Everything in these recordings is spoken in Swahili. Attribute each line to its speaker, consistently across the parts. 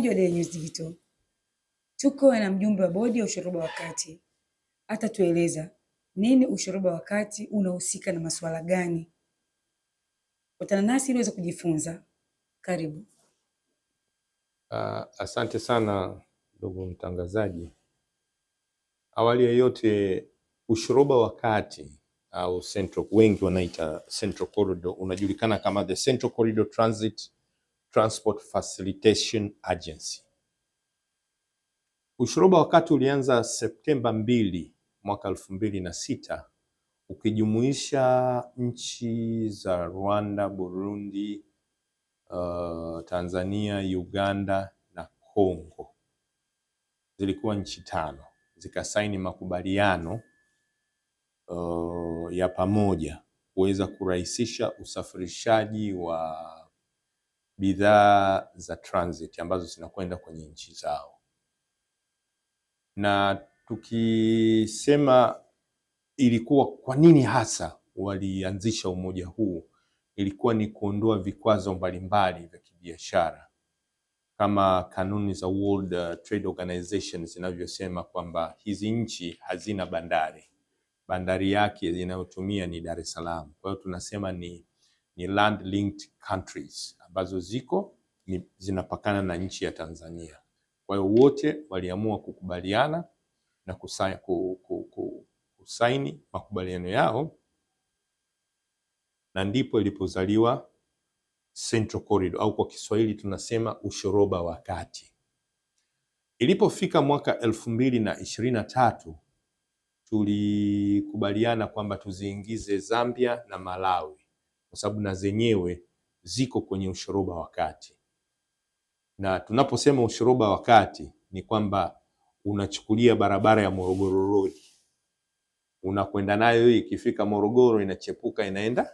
Speaker 1: msemaji wa Daily News Digital. Tuko na mjumbe wa bodi ya ushoroba wa kati, atatueleza nini ushoroba wa kati unahusika na masuala gani. Kutana nasi ili uweze kujifunza. Karibu.
Speaker 2: Uh, asante sana ndugu mtangazaji. Awali ya yote, ushoroba wa kati au central, wengi wanaita central corridor, unajulikana kama the Central Corridor Transit Transport Facilitation Agency. Ushoroba wakati ulianza Septemba mbili mwaka elfu mbili na sita ukijumuisha nchi za Rwanda, Burundi, uh, Tanzania, Uganda na Kongo. Zilikuwa nchi tano zikasaini makubaliano uh, ya pamoja kuweza kurahisisha usafirishaji wa bidhaa za transit ambazo zinakwenda kwenye nchi zao. Na tukisema ilikuwa kwa nini hasa walianzisha umoja huu, ilikuwa ni kuondoa vikwazo mbalimbali vya kibiashara kama kanuni za World uh, Trade Organization zinavyosema kwamba hizi nchi hazina bandari, bandari yake inayotumia ni Dar es Salaam. Kwa hiyo tunasema ni ni land linked countries ambazo ziko ni, zinapakana na nchi ya Tanzania. Kwa hiyo wote waliamua kukubaliana na kusaini, kusaini makubaliano yao na ndipo ilipozaliwa Central Corridor au kwa Kiswahili tunasema ushoroba wa kati. Ilipofika mwaka elfu mbili na ishirini na tatu tulikubaliana kwamba tuziingize Zambia na Malawi kwa sababu na zenyewe ziko kwenye ushoroba wa kati. Na tunaposema ushoroba wa kati ni kwamba unachukulia barabara ya Morogoro Road unakwenda nayo, ikifika Morogoro inachepuka inaenda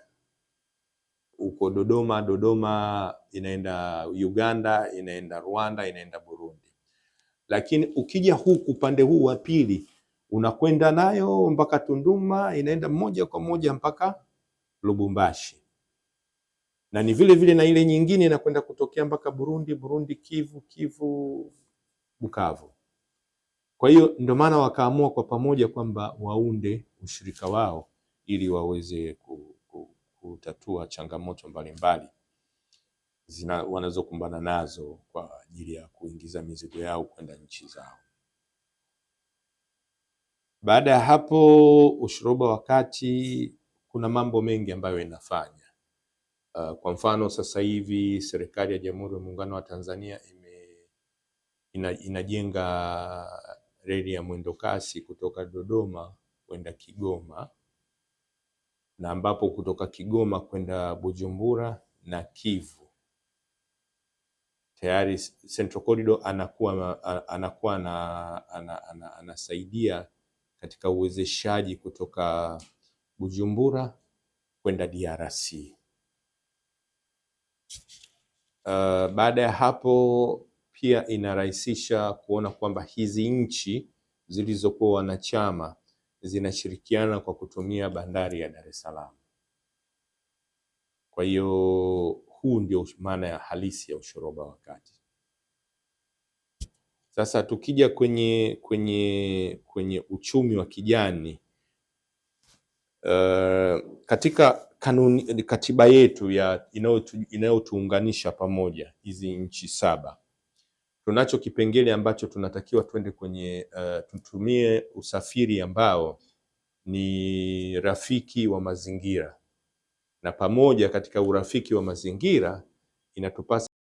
Speaker 2: uko Dodoma, Dodoma inaenda Uganda, inaenda Rwanda, inaenda Burundi. Lakini ukija huku upande huu wa pili unakwenda nayo mpaka Tunduma, inaenda moja kwa moja mpaka Lubumbashi na ni vile vile na ile nyingine inakwenda kutokea mpaka Burundi, Burundi Kivu, Kivu Bukavu. Kwa hiyo ndio maana wakaamua kwa pamoja kwamba waunde ushirika wao ili waweze kutatua changamoto mbalimbali wanazokumbana nazo kwa ajili ya kuingiza mizigo yao kwenda nchi zao. Baada ya hapo, ushoroba wakati kuna mambo mengi ambayo inafanya Uh, kwa mfano sasa hivi serikali ya Jamhuri ya Muungano wa Tanzania ime, ina, inajenga reli ya mwendokasi kutoka Dodoma kwenda Kigoma na ambapo kutoka Kigoma kwenda Bujumbura na Kivu tayari Central Corridor anakuwa anakuwa na anasaidia katika uwezeshaji kutoka Bujumbura kwenda DRC. Uh, baada ya hapo pia inarahisisha kuona kwamba hizi nchi zilizokuwa wanachama zinashirikiana kwa kutumia bandari ya Dar es Salaam. Kwa hiyo huu ndio maana ya halisi ya ushoroba wa kati. Sasa tukija kwenye kwenye kwenye uchumi wa kijani uh, katika kanuni, katiba yetu ya inayotuunganisha pamoja hizi nchi saba, tunacho kipengele ambacho tunatakiwa twende kwenye uh, tutumie usafiri ambao ni rafiki wa mazingira, na pamoja katika urafiki wa mazingira inatupasa